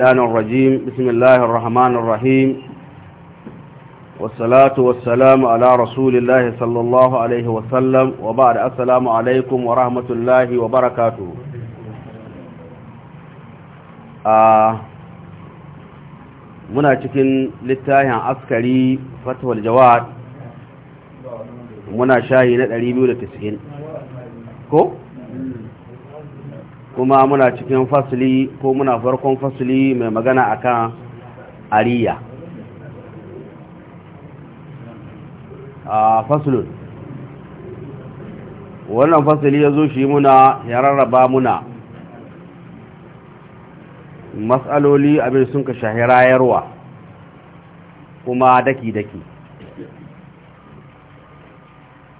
الشيطان الرجيم بسم الله الرحمن الرحيم والصلاة والسلام على رسول الله صلى الله عليه وسلم وبعد السلام عليكم ورحمة الله وبركاته muna cikin littafin askari fatwal jawad muna shahi na 290 ko kuma muna cikin fasili ko muna farkon fasili mai magana a kan ariya a fasilun wannan fasili ya zo shi muna ya rarraba muna matsaloli abin sun ka yarwa kuma daki-daki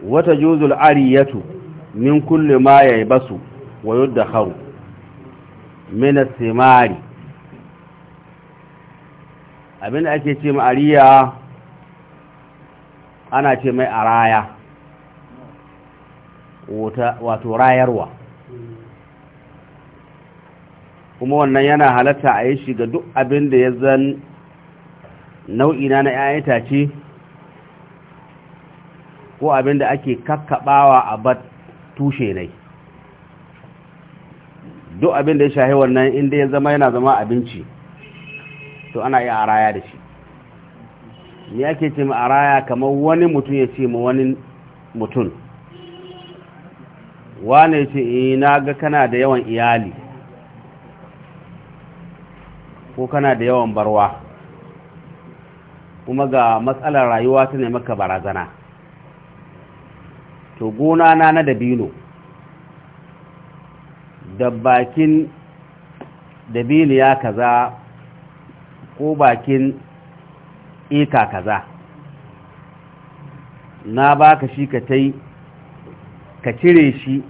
wata juzul ariyatu min kulle ma ya basu wa yadda haru mina simari abinda ake ce ma'ariya ana ce mai araya wato rayarwa kuma wannan yana halatta a yi shiga duk abin da ya zan nau'ina na 'ya'yan ce ko abin da ake kakkaɓawa a bat tushe nai. duk abin da ya shahi wannan inda ya zama yana zama abinci to ana iya araya da shi ni ake ce ma araya kamar wani mutum ya ce ma wani mutum wane ce ina eh, ga kana da yawan iyali ko kana da yawan barwa kuma ga matsalar rayuwa ta ne maka barazana to gona na na dabino da bakin dabiliya kaza ko bakin eka kaza na baka shi ka tai ka cire shi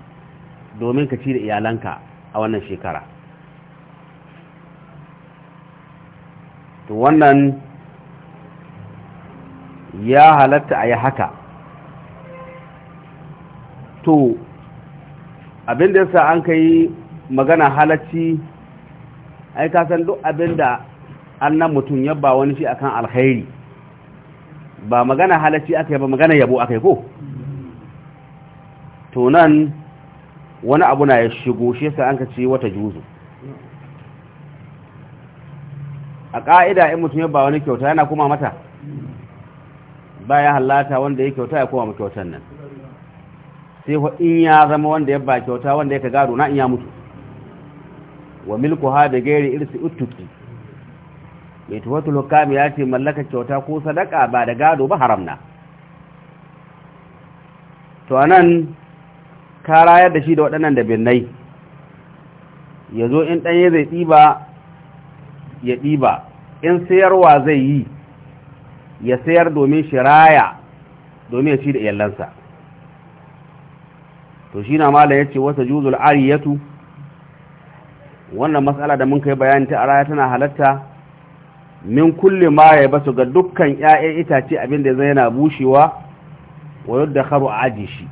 domin ka cire iyalanka a wannan shekara to wannan ya halatta a yi haka to abin da yasa an kai magana halacci ai ka san duk abin da annan mutum ya ba wani shi akan alkhairi ba magana halacci aka yi ba magana yabo aka yi ko to nan wani abu na ya shigo shi yasa an ka ce wata juzu a ƙa'ida in mutum ya ba wani kyauta yana kuma mata baya halata wanda ya kyauta ya koma kyautan nan sai wa in ya zama wanda ya ba kyauta wanda ya gado na in ya mutu wa milku ha da gairi irsi uttuki mai tuwatu lokami ya ce mallaka kyauta ko sadaka ba da gado ba haramna to anan ka rayar da shi da waɗannan da binnai ya zo in ɗanye zai ɗiba ya ɗiba in sayarwa zai yi ya sayar domin shiraya domin ya ci da iyalansa to shi na mala ya ce wata juzul ariyatu wannan matsala da mun kai bayani ta araya tana halatta min kulle ma ya basu ga dukkan 'ya'yan itace abinda da zai yana bushewa wa yadda karu a aji shi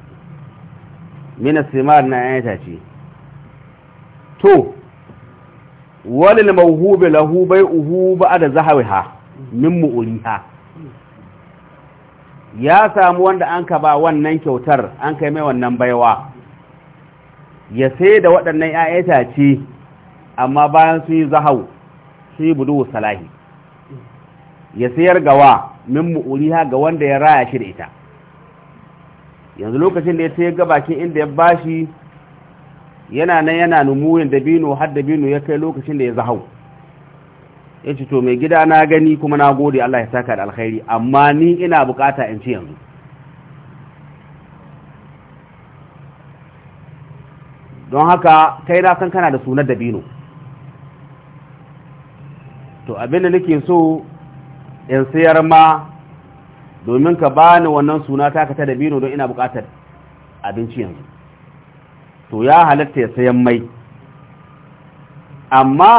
mina simar na 'ya'yan itace to walil mawhubi lahu da zahawi ha min ha ya samu wanda an ka ba wannan kyautar an kai mai wannan baiwa ya sai da waɗannan ‘ya'ya tace amma bayan sun yi zahau sun yi budu salahi ya sayar gawa min mu'uriha ga wanda ya raya shi da ita yanzu lokacin da ya sayar ga bakin inda ya bashi yana nan yana numuyin dabino har dabino ya kai lokacin da ya zahau ya ce to mai gida na gani kuma na gode Allah ya saka da alkhairi amma ni ina bukata in ci yanzu don haka kai na san kana da sunar dabino to abinda nake so in sayar ma domin ka ba ni wannan suna ta ta dabino don ina bukatar abinci yanzu to ya halatta ya sayan mai amma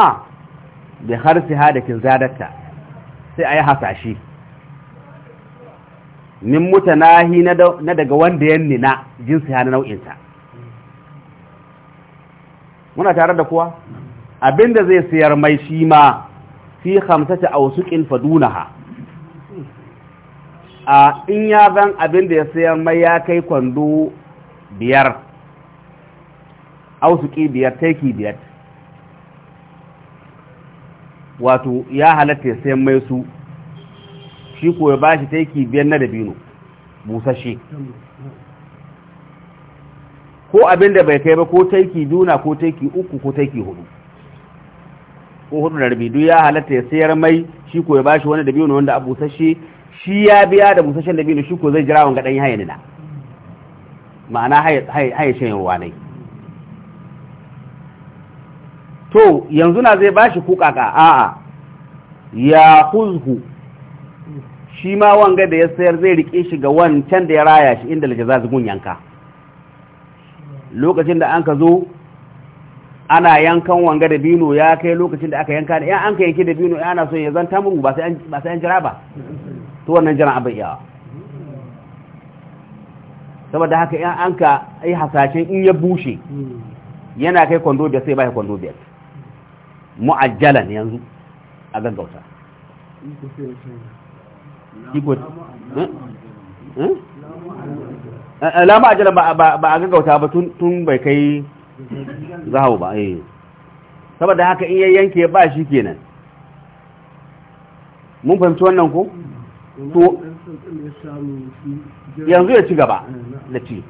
da harsi kin zadatta sai a yi hasashe Nin mutanahi na daga wanda yan nina jinsi ha na nau'inta muna tare da kuwa abinda zai sayar mai shi ma fi hamsata a wasu fadunaha a in ya zan abinda ya sayar mai ya kai kwando biyar ausuki biyar taiki biyar wato ya halatta ya sayan mai su shi ko ya bashi taiki biyar na dabino busashe ko abin da bai kai ba ko taiki duna ko taiki uku ko taiki hudu ko hudu da rabi duk ya halatta ya sayar mai shi ko ya bashi wani biyu na wanda a busashe shi ya biya da busasshen dabino shi ko zai jira wanga dan haye na ma'ana haye shan ruwa ne to yanzu na zai bashi ku kaka a'a ya khuzhu shi ma wanga da ya sayar zai rike shi ga wancan da ya raya shi inda lajaza zugun yanka lokacin da an ka zo ana yankan wanga da bino ya kai lokacin da aka yanka da yan an ka yanki da bino ana so ya zan tamuru ba sai an jira ba to wannan jiran abin yawa saboda haka yan an ka yi hasashen in ya bushe yana kai kwando biyar sai ba kwando biyar mu'ajjalan yanzu a gaggauta iko alama eh, eh, ajala ba a gaggauta ba tun bai kai zahau ba eh saboda haka in yanke ba shi kenan mun fahimci wannan ko to yanzu ya ci gaba da ci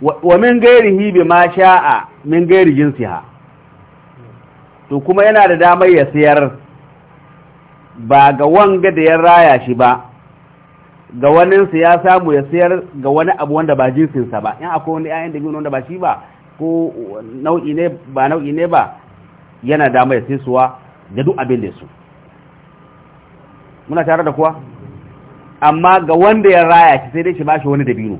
wa min gairihi bi ma sha'a min gairi ha to kuma yana da damar ya sayar ba ga wanga da ya raya shi ba ga su ya samu ya sayar ga wani abu wanda ba jinsinsa ba in akwai wani ‘ya'yan dabino wanda ba shi ba ko nau'i ne ba nau'i ne ba yana dama ya sai suwa da duk abin da su muna tare da kuwa amma ga wanda ya raya shi sai dai shi ba shi wani dabino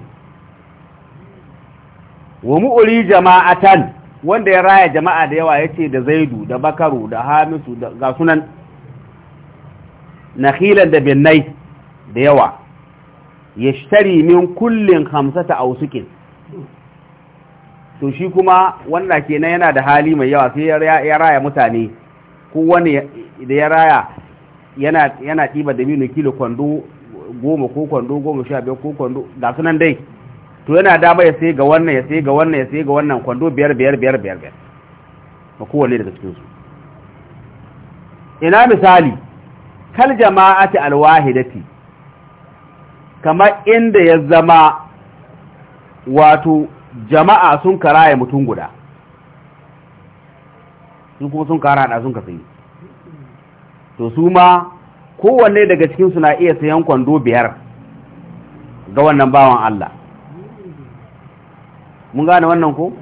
wa mu'uri jama'atan wanda ya raya jama'a da yawa ya ce da zaidu da bakaru da hamisu da ga sunan Nakhilan da binnai da yawa yashtari min kullin hamsata aw to shi kuma wanda kenan yana da hali mai yawa sai ya raya mutane ko wani da ya raya yana yana ɗiba da minu kilo kwando goma ko kwando goma sha biyar ko kwando da sunan dai to yana dama ya sai ga wannan ya sai ga wannan ya sai ga wannan kwando biyar biyar biyar biyar biyar ba kowane daga su ina misali kal jama'ati alwahidati kamar inda ya zama wato jama'a sun karaya mutum guda sun kuma sun kara da sun ka sayi to su ma kowanne daga cikin na iya sayan kwando biyar ga wannan bawan Allah mun gane wannan ko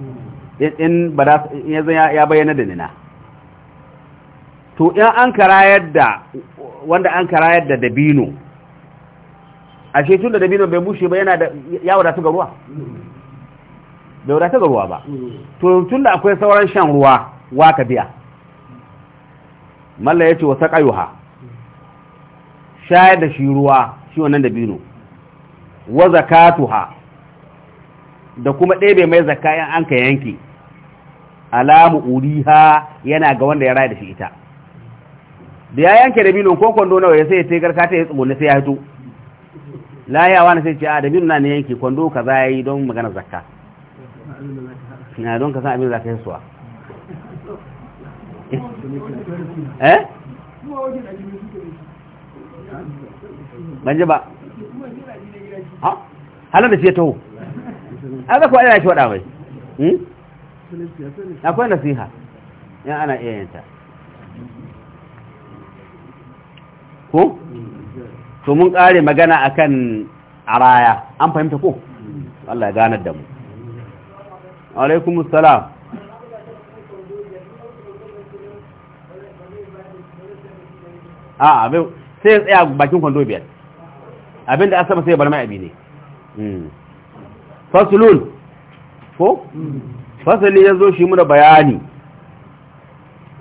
in ba ya bayyana da nina to in an karayar da wanda an karayar da dabino ashe tun da Dabino bai bushe ba yana da ya wadatu ga ruwa bai wadatu ga ruwa ba to tun da akwai sauran shan ruwa wa ka biya malla yace wa saqayuha shayar da shi ruwa shi wannan dabino wa zakatuha da kuma ɗebe mai yan an ka yanke alamu uriha yana ga wanda ya raya da shi ita da ya yanke dabino ko kwando nawa ya sai ya tegar ka ta ya tsugunne sai ya hito layawa na sai ce a dabino na ne yanki kwando ka za yi don magana zakka na don ka san abin zakka yasuwa eh ban ba ha halar da ce taho a zaka wa'ina shi waɗa mai hmm? akwai nasiha yan ana iya yanta ko to mun kare magana akan araya an fahimta ko Allah ya ganar da mu alaikum salam a abin sai tsaya bakin kwando biyar abin da asaba sai bar mai abi ne hmm. fasulun ko fasali ya zo shi muna bayani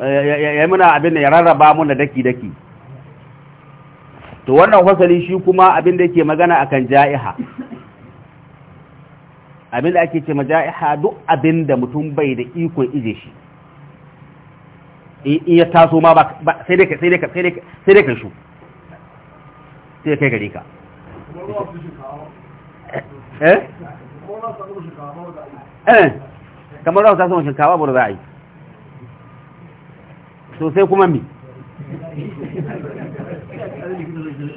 eh, ya muna abin da ya rarraba muna daki-daki to wannan fasali shi kuma abin da yake magana akan ja'iha abin da ake ce ma ja'iha duk abin da mutum bai da ikon ije shi in ya taso ma ba sai dai sai dai sai dai sai dai shu sai kai gare ka eh, eh. kamar za su samu shinkawa ba da za a yi to sai kuma mi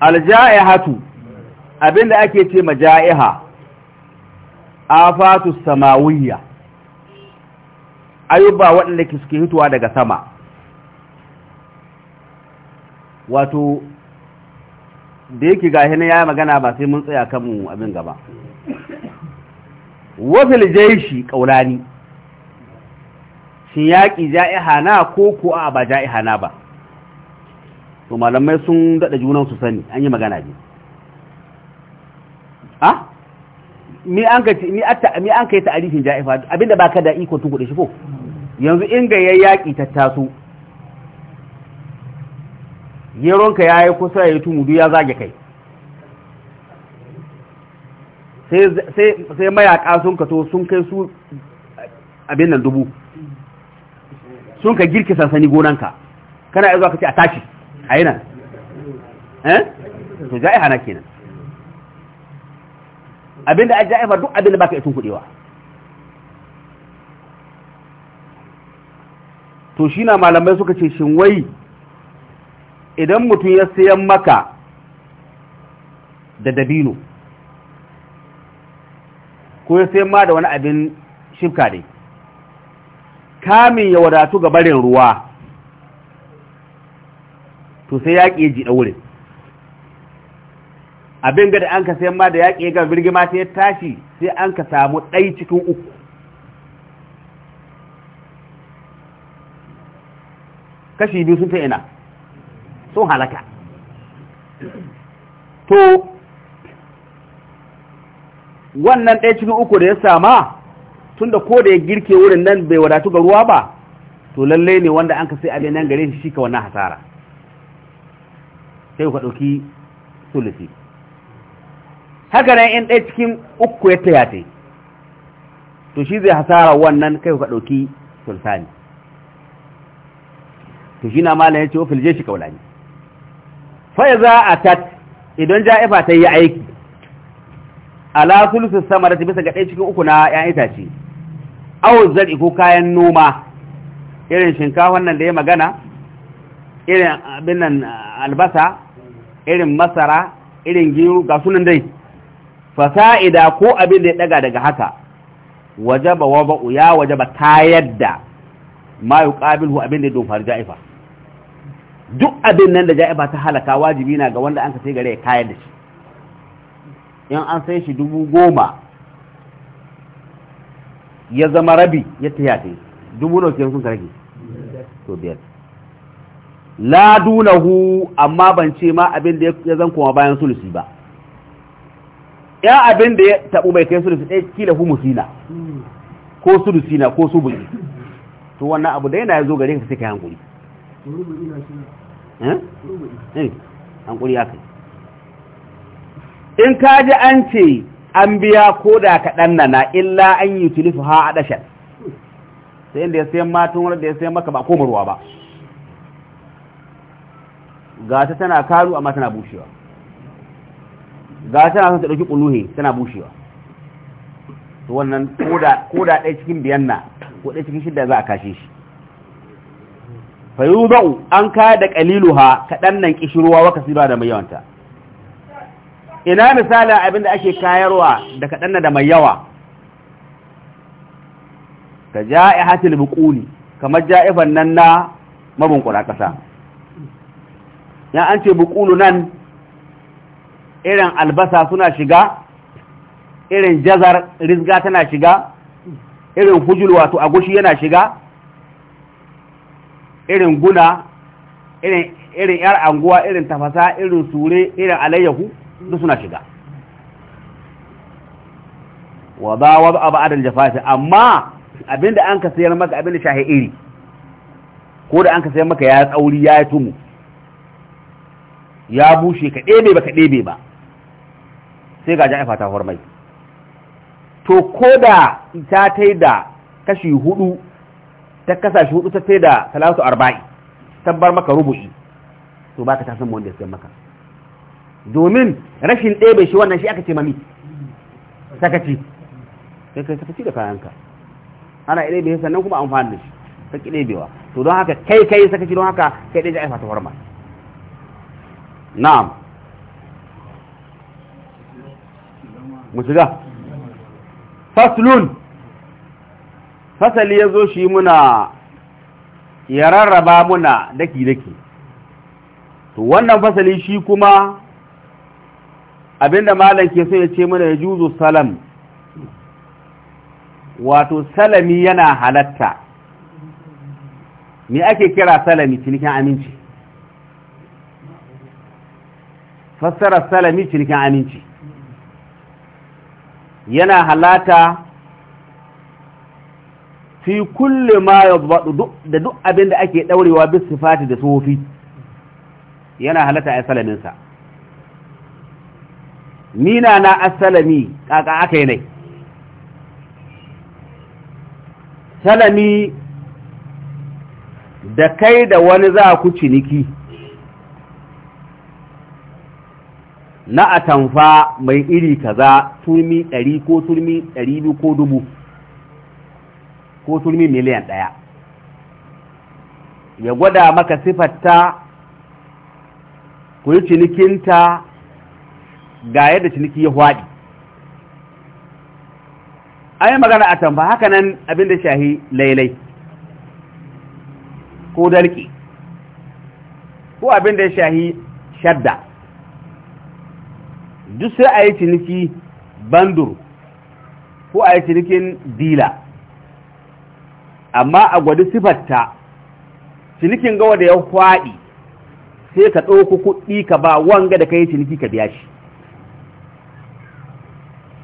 alja'ihatu da ake ce ma jaiha a afatu samawiyya ayuba waɗanda ke suke hituwa daga sama wato da yake gashi na ya magana ba sai mun tsaya kanmu abin gaba wafil shi ƙaunani. siyaki ja'ihana ko ko a ba hana ba to malamai sun daɗa junan su sani an yi magana ne a? mi an ka yi atta ja'i an kai ta'arifin ja'ifa abinda baka da iko tun kuɗe shi ko yanzu inda ya yaƙi tattasu. yeronka ya yi kusa ya yi tumudu ya zage kai sai mayaƙa sun kato sun kai su abin nan dubu sun ka girke sansani gonanka kana iya zuwa kace ce a tashi a yi nan eh to ja'iha na kenan abinda a ja'iha duk abinda baka iya kuɗewa to shi na malamai suka ce shin wai idan mutum ya sayan maka da dabino ko ya sayan ma da wani abin shifka dai kamin ya wadatu ga barin ruwa to sai yaƙi ya ji ɗaurin abin ga da an ka sayan ma da yaƙi ga birgima sai ya tashi sai an ka samu ɗai cikin uku kashi biyu sun ta ina sun halaka to wannan ɗaya cikin uku da ya sama tunda ko da ya girke wurin nan bai wadatu ga ruwa ba to lalle ne wanda an ka sai abin nan gare shi ka wannan hasara sai ka ɗauki sulusi haka nan in dai cikin uku ya taya ta to shi zai hasara wannan kai ka ɗauki sulsani to shi na ya ce ofil je shi kaulani fai za a tat idan ja'ifa ta yi aiki ala sama da ta bisa ga ɗaya cikin uku na ya'ita ce. awon zari ko kayan noma irin shinkafa nan da ya magana irin abin nan uh, albasa irin masara irin gero ga sunan dai fasa'ida ko abin da ya daga daga haka wajaba ba ya wajaba ta yadda ma yuqabilu abin da ya dofar ja'ifa duk abin nan da ja'ifa ta halaka wajibi na ga wanda an ka sai gare ya kayar da shi in an sai shi dubu goma ya zama rabi ya tahiya ta dubu nawa ke sun karage to biyar la dunahu amma ban ce ma abin da ya zan koma bayan sulusi ba ya abin da ya tabu bai kai sulusi ɗaya kila hu musina ko sulusi na ko subuli to wannan abu da yana ya zo gare ka sai ka hankuri eh? Eh, hankuri ya kai in ka ji an ce an biya ko da kaɗan na illa an yi tulifu ha a ɗashen sai inda ya sayan matan wadda ya sayan maka ba ko ruwa ba Ga ta tana karu amma tana bushewa Ga tana son ta ɗauki ƙuluhe, tana bushewa to wannan ko da ɗaya cikin biyan na ko ɗaya cikin shidda za a kashe shi fayu za'u an kaya da ƙalilu ha kaɗan nan ƙishirwa waka siba da mai yawanta ina misalin abin da ake kayarwa da kaɗan da mai yawa ka ja'i hatil bukuni, kamar ja'ifan nan na mabunkura ƙasa ya an ce bukulu nan irin albasa suna shiga irin jazar rizga tana shiga irin hujul wato agushi yana shiga irin guna irin yar anguwa irin tafasa irin sure irin alayyahu duk suna shiga wa ba wa ba ba'adal amma abinda an ka sayar maka abinda shahi iri ko da an ka sayar maka ya tsauri ya yi tumu ya bushe ka ɗebe ba ka ɗebe ba sai ga ja'ifa ta hormai to ko da ta tai da kashi hudu ta kasa shi hudu ta tai da talatu arba'i tabbar maka rubu'i to baka ta san wanda ya sayar maka domin rashin ɗebe shi wannan shi aka ce mami sakaci sai kai sakaci da kayanka ana ɗebe shi sannan kuma amfani da shi saki ɗebewa to don haka kai kai sakaci don haka kai ɗaya aifa ta warma na'am mu shiga faslun fasali ya zo shi muna ya rarraba muna daki-daki to wannan fasali shi kuma abinda malam ke so ya ce mana ya juzu salam wato salami yana halatta me ake kira salami cinikin aminci Fassara salami cinikin aminci yana halata fi kulle ma da duk abin da ake daurewa bis fati da sofi yana halata a salaminsa nina na asalami kaka aka yi nai salami da kai da wani za ku ciniki na atamfa mai iri kaza turmi ɗari ko turmi biyu ko dubu ko turmi miliyan ɗaya ya gwada maka sifatta ku yi cinikinta ga yadda ciniki ya hwaɗi an yi magana a tamba haka nan abin da shahi lailai ko dalki ko abin da shahi shadda duk sai a yi ciniki bandur ko a yi cinikin dila amma a gwadi sifatta cinikin gawa da ya hwaɗi sai ka ɗauko kuɗi ka ba wanga da ka yi ciniki ka biya shi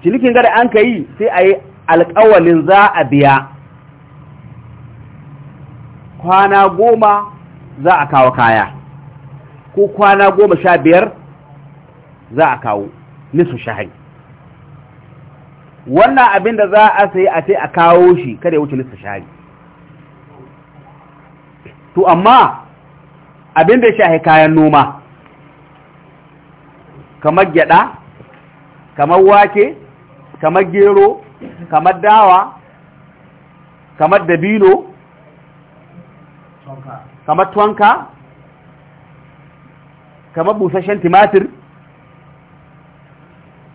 cinikin gada an ka yi sai a yi alkawalin za a biya kwana goma za a kawo kaya ko kwana goma sha biyar za a kawo nisu shahai wannan abin da za a sai a sai a kawo shi kada ya wuce nisu shahai to amma abin da ya shahi kayan noma kamar gyada kamar wake kamar gero kamar dawa kamar dabino kamar tuwanka kamar busashen timatir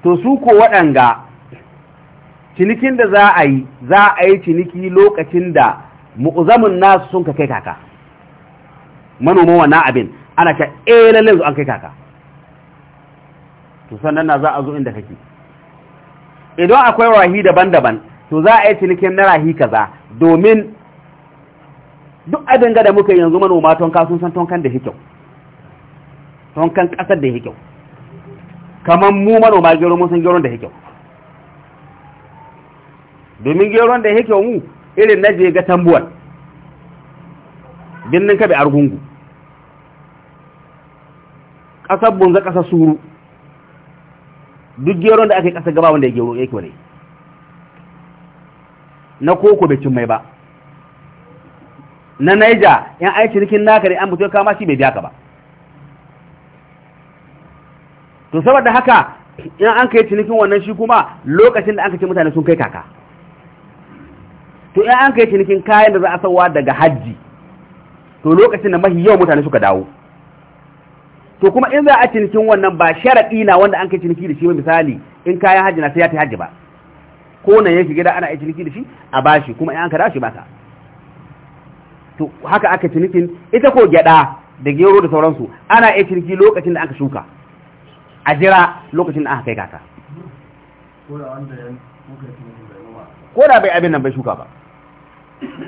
to su ko waɗanga cinikin da za a yi za a yi ciniki lokacin da mu'uzamin nasu sun ka kai kaka manoman wa abin ana ta eh an kai kaka to sannan na za a zo inda kake idan akwai rahi daban-daban to za a yi cinikin na rahi kaza domin duk abin ga da muka yanzu manoma tonka sun san tonkan da hikyau kyau tonkan kasar da hikyau kyau kamar mu manoma gero mun san gero da hikyau kyau domin gero da hikyau kyau mu irin na je ga tambuwan binnin kabe argungu kasar bunza kasar suru duk geron da aka yi ƙasa gaba wanda ya gero yake wane na koko bai cin mai ba na naija yan aiki cikin naka ne an mutu kama shi bai biya ka ba to saboda haka yan an kai cinikin wannan shi kuma lokacin da an kace mutane sun kai kaka to yan an kai cinikin kayan da za a sauwa daga hajji to lokacin da mahi yau mutane suka dawo to kuma in za a cinikin wannan ba sharaɗi na wanda an kai ciniki da shi ba misali in kayan hajji na sai ya ta hajji ba ko nan yake gida ana yi ciniki da shi a bashi kuma in an kada shi ba ka to haka aka cinikin ita ko gyada da gero da sauransu ana yi ciniki lokacin da aka shuka a jira lokacin da aka kai kaka ko da bai abin nan bai shuka ba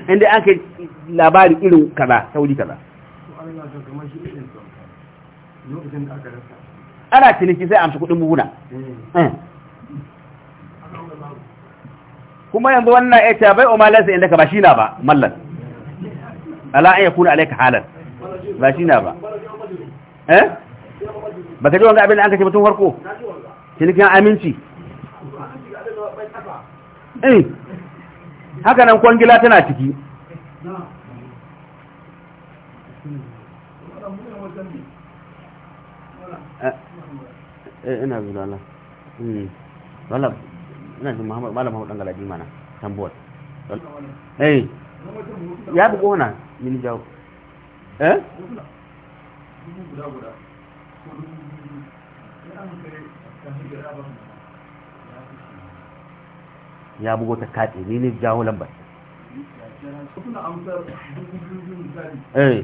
inda an kai labari irin kaza sauri kaza ana ciniki sai amsa kudin buhuna eh. Eh. kuma yanzu wannan ya ce bai umalansa inda ka ba shi na ba mallan ala'ayya kuna alaika halar ba shi na ba eh ba ka ji wanga abin da an kace mutum farko cinikin aminci Hakanan eh. haka nan kwangila tana ciki Eh, ina zuwa hmm. Allah ina zuwa Muhammad malam Muhammad dangala mana tambuwar eh ya bugo wannan mini jawo eh ya bugo ta kati ne ni jawo lambar eh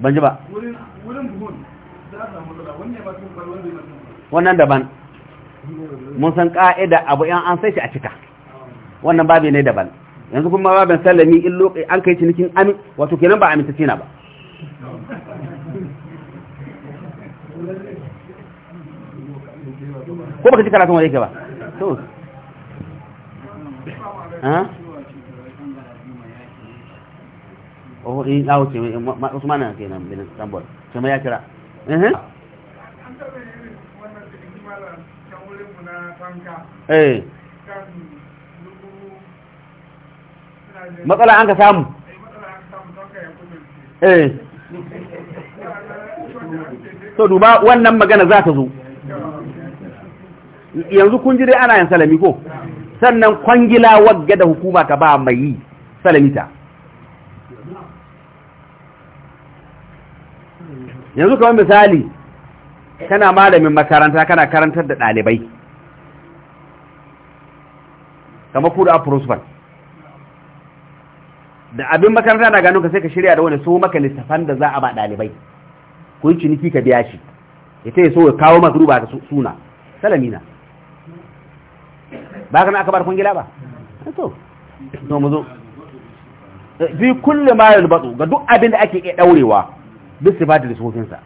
ban ji ba wannan daban mun san ƙa'ida abu yan an sai shi a cika wannan babi ne daban yanzu kuma babin sallami in lokai an kai cinikin amin wato kenan ba aminta cina ba ko baka ci karatun wa yake ba to oh in eh, awo ce eh, usman na nan bin istanbul ce mai ya kira eh matsala an ka samu so duba wannan magana za ta zo yanzu kun ji dai ana yin salami ko sannan kwangila wagga da hukuma ta ba mai yi salamita yanzu kamar misali kana malamin makaranta kana karantar da ɗalibai kamar kuda prosper da abin makaranta na gano ka sai ka shirya da wani so maka littafan da za a ba ɗalibai Kun yi ciniki ka biya shi ya ta yi so ya kawo maka duba ka suna salamina ba ka na aka bar kwangila ba to to mu zo fi kulle ma yalbatu ga duk abin da ake iya daurewa duk sifati da sufofinsa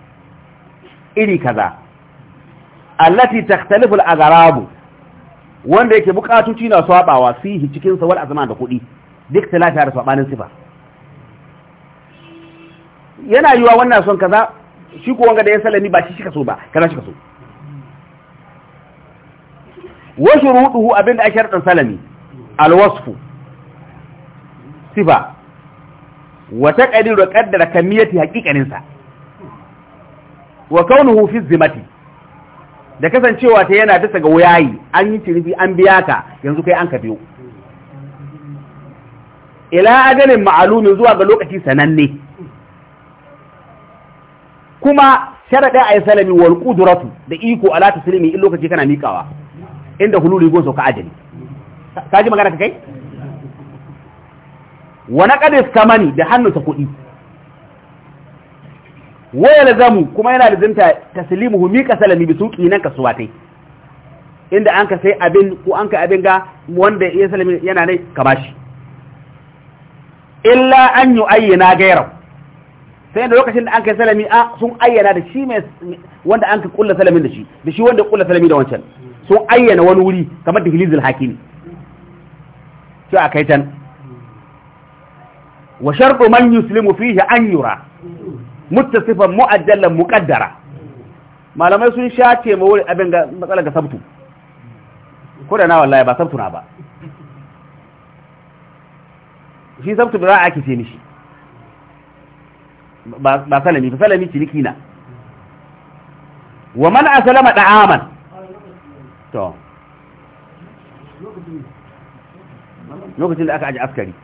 iri kaza allati takhtalifu al-azrabu wanda yake bukatuci na swabawa fihi cikin sa wal azama da kudi duk talata da swabanin sifa yana yiwa wannan son kaza shi ko wanga da ya salami ba shi shi kaso ba kaza shi kaso wa shuruduhu abinda ake shartan salami al-wasfu sifa wata ƙadiru ƙaddara kamiyati haƙiƙaninsa wa kaunuhu fi zimati da kasancewa ta yana bisa ga wayayi, an yi ciniki an biya ka yanzu kai an ka biyo ila ajalin ma'alumin zuwa ga lokaci sananne kuma sharaɗa a yi salami wal ƙuduratu da iko ala taslimi in lokaci kana miƙawa inda hululi gonsa ka ajali ka ji magana ka kai wa naqadis mani da hannunsa kuɗi da zamu kuma yana da zinta taslimuhu mi salami bi suƙi nan kasuwa ta inda an ka sai abin ko an ka abin ga wanda ya salami yana ne ka bashi illa an ayyana gairau sai da lokacin da an kai salami a sun ayyana da shi mai wanda an ka kulla salamin da shi da shi wanda ya kulla salami da wancan sun ayyana wani wuri kamar da hilizul hakimi sai a kai can wa sharɗu man yuslimu fihi an yura muttasifan mu'ajjalan muƙaddara. malamai sun sha ce ma wuri abin ga matsalar ga sabtu ko da na wallahi ba sabtu na ba shi sabtu da ra'a ake ce mishi ba salami ba salami ciniki na wa man aslama da'aman to lokacin da aka aji askari